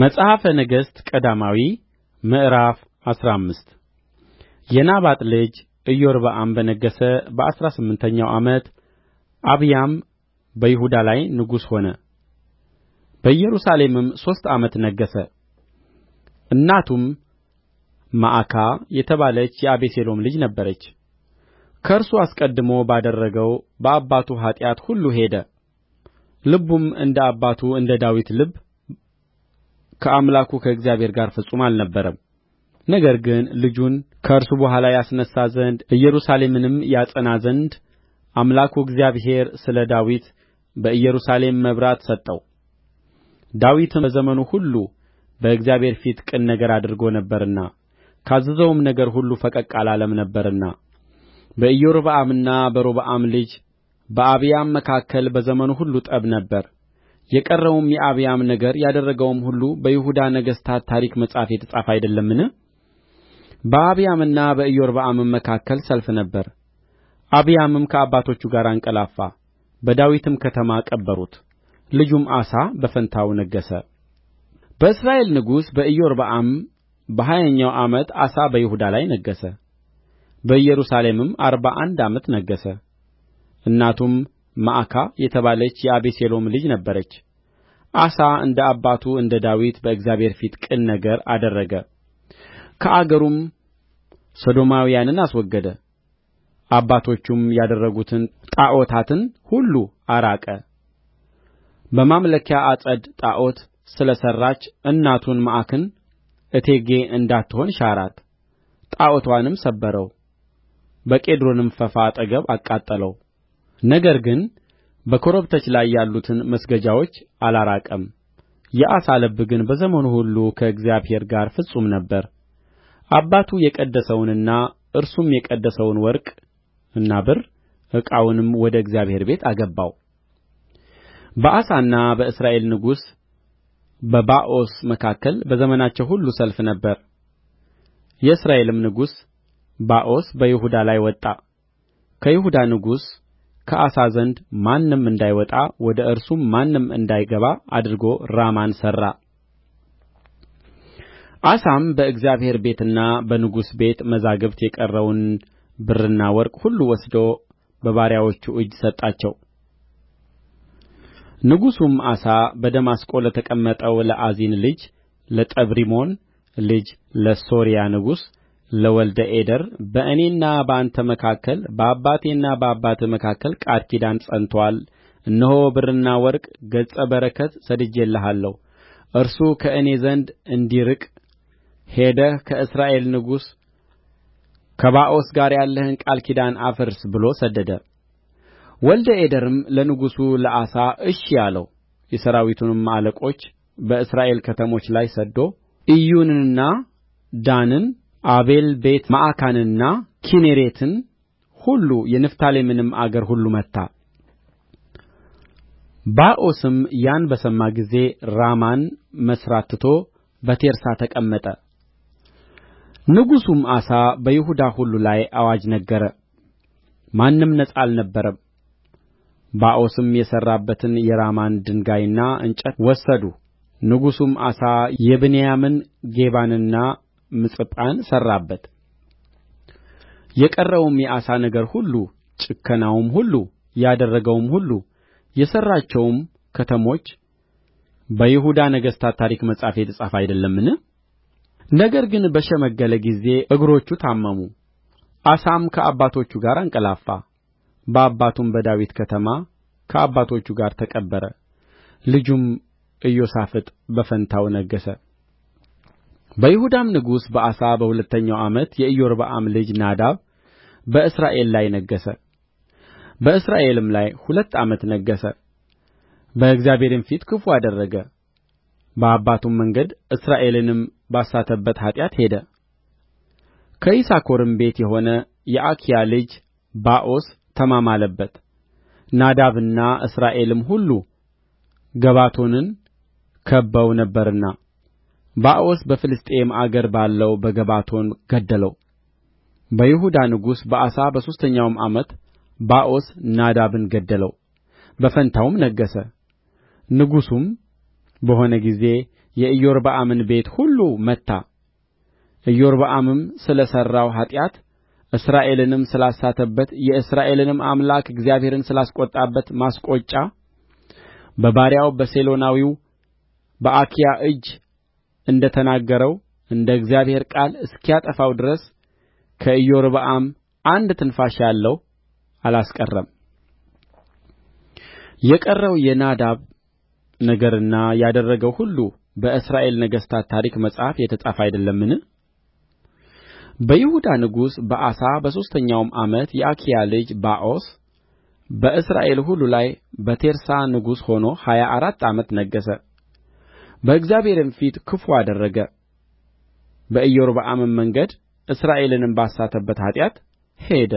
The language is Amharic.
መጽሐፈ ነገሥት ቀዳማዊ ምዕራፍ አስራ አምስት የናባጥ ልጅ ኢዮርብዓም በነገሠ በአሥራ ስምንተኛው ዓመት አብያም በይሁዳ ላይ ንጉሥ ሆነ በኢየሩሳሌምም ሦስት ዓመት ነገሠ እናቱም መዓካ የተባለች የአቤሴሎም ልጅ ነበረች ከእርሱ አስቀድሞ ባደረገው በአባቱ ኃጢአት ሁሉ ሄደ ልቡም እንደ አባቱ እንደ ዳዊት ልብ ከአምላኩ ከእግዚአብሔር ጋር ፍጹም አልነበረም ነገር ግን ልጁን ከእርሱ በኋላ ያስነሣ ዘንድ ኢየሩሳሌምንም ያጸና ዘንድ አምላኩ እግዚአብሔር ስለ ዳዊት በኢየሩሳሌም መብራት ሰጠው ዳዊትም በዘመኑ ሁሉ በእግዚአብሔር ፊት ቅን ነገር አድርጎ ነበርና ካዘዘውም ነገር ሁሉ ፈቀቅ አላለም ነበርና በኢዮርብዓምና በሮብዓም ልጅ በአብያም መካከል በዘመኑ ሁሉ ጠብ ነበረ የቀረውም የአብያም ነገር ያደረገውም ሁሉ በይሁዳ ነገሥታት ታሪክ መጽሐፍ የተጻፈ አይደለምን በአብያምና በኢዮርብዓምም መካከል ሰልፍ ነበረ አብያምም ከአባቶቹ ጋር አንቀላፋ በዳዊትም ከተማ ቀበሩት ልጁም አሳ በፋንታው ነገሠ በእስራኤል ንጉሥ በኢዮርብዓም በሀያኛው ዓመት አሳ በይሁዳ ላይ ነገሠ በኢየሩሳሌምም አርባ አንድ ዓመት ነገሠ እናቱም መዓካ የተባለች የአቤሴሎም ልጅ ነበረች አሳ እንደ አባቱ እንደ ዳዊት በእግዚአብሔር ፊት ቅን ነገር አደረገ ከአገሩም ሰዶማውያንን አስወገደ አባቶቹም ያደረጉትን ጣዖታትን ሁሉ አራቀ በማምለኪያ ዐፀድ ጣዖት ስለ ሠራች እናቱን መዓካን እቴጌ እንዳትሆን ሻራት ጣዖቷንም ሰበረው በቄድሮንም ፈፋ አጠገብ አቃጠለው ነገር ግን በኮረብቶች ላይ ያሉትን መስገጃዎች አላራቀም የአሳ ልብ ግን በዘመኑ ሁሉ ከእግዚአብሔር ጋር ፍጹም ነበረ አባቱ የቀደሰውንና እርሱም የቀደሰውን ወርቅና ብር ዕቃውንም ወደ እግዚአብሔር ቤት አገባው በአሳና በእስራኤል ንጉሥ በባኦስ መካከል በዘመናቸው ሁሉ ሰልፍ ነበረ የእስራኤልም ንጉሥ ባኦስ በይሁዳ ላይ ወጣ ከይሁዳ ንጉሥ ከአሳ ዘንድ ማንም እንዳይወጣ ወደ እርሱም ማንም እንዳይገባ አድርጎ ራማን ሠራ አሳም በእግዚአብሔር ቤትና በንጉሡ ቤት መዛግብት የቀረውን ብርና ወርቅ ሁሉ ወስዶ በባሪያዎቹ እጅ ሰጣቸው ንጉሡም አሳ በደማስቆ ለተቀመጠው ለአዚን ልጅ ለጠብሪሞን ልጅ ለሶርያ ንጉሥ ለወልደ አዴር በእኔና በአንተ መካከል በአባቴና በአባትህ መካከል ቃል ኪዳን ጸንቶአል እነሆ ብርና ወርቅ ገጸ በረከት ሰድጄልሃለሁ እርሱ ከእኔ ዘንድ እንዲርቅ ሄደህ ከእስራኤል ንጉሥ ከባኦስ ጋር ያለህን ቃል ኪዳን አፍርስ ብሎ ሰደደ ወልደ አዴርም ለንጉሡ ለአሳ እሺ አለው የሠራዊቱንም አለቆች በእስራኤል ከተሞች ላይ ሰድዶ ዒዮንንና ዳንን አቤልቤት ማዕካንና ኪኔሬትን ሁሉ የንፍታሌምንም አገር ሁሉ መታ ባኦስም ያን በሰማ ጊዜ ራማን መሥራት ትቶ በቴርሳ ተቀመጠ ንጉሡም አሳ በይሁዳ ሁሉ ላይ አዋጅ ነገረ ማንም ነጻ አልነበረም ባኦስም የሠራበትን የራማን ድንጋይና እንጨት ወሰዱ ንጉሡም አሳ የብንያምን ጌባንና ምጽጳን ሠራበት የቀረውም የአሳ ነገር ሁሉ ጭከናውም ሁሉ ያደረገውም ሁሉ የሠራቸውም ከተሞች በይሁዳ ነገሥታት ታሪክ መጽሐፍ የተጻፈ አይደለምን ነገር ግን በሸመገለ ጊዜ እግሮቹ ታመሙ አሳም ከአባቶቹ ጋር አንቀላፋ በአባቱም በዳዊት ከተማ ከአባቶቹ ጋር ተቀበረ ልጁም ኢዮሣፍጥ በፋንታው ነገሠ በይሁዳም ንጉሥ በአሳ በሁለተኛው ዓመት የኢዮርብዓም ልጅ ናዳብ በእስራኤል ላይ ነገሠ በእስራኤልም ላይ ሁለት ዓመት ነገሠ በእግዚአብሔርም ፊት ክፉ አደረገ በአባቱም መንገድ እስራኤልንም ባሳተበት ኃጢአት ሄደ ከይሳኮርም ቤት የሆነ የአኪያ ልጅ ባኦስ ተማማለበት ናዳብና እስራኤልም ሁሉ ገባቶንን ከብበው ነበርና ባኦስ በፍልስጥኤም አገር ባለው በገባቶን ገደለው በይሁዳ ንጉሥ በአሳ በሦስተኛው ዓመት ባኦስ ናዳብን ገደለው በፋንታውም ነገሠ ንጉሥም በሆነ ጊዜ የኢዮርብዓምን ቤት ሁሉ መታ ኢዮርብዓምም ስለ ሠራው ኃጢአት እስራኤልንም ስላሳተበት የእስራኤልንም አምላክ እግዚአብሔርን ስላስቈጣበት ማስቈጫ በባሪያው በሴሎናዊው በአኪያ እጅ እንደ ተናገረው እንደ እግዚአብሔር ቃል እስኪያጠፋው ድረስ ከኢዮርብዓም አንድ ትንፋሽ ያለው አላስቀረም የቀረው የናዳብ ነገርና ያደረገው ሁሉ በእስራኤል ነገሥታት ታሪክ መጽሐፍ የተጻፈ አይደለምን በይሁዳ ንጉሥ በአሳ በሦስተኛው ዓመት የአኪያ ልጅ ባኦስ በእስራኤል ሁሉ ላይ በቴርሳ ንጉሥ ሆኖ ሀያ አራት ዓመት ነገሠ በእግዚአብሔርም ፊት ክፉ አደረገ በኢዮርብዓምም መንገድ እስራኤልንም ባሳተበት ኃጢአት ሄደ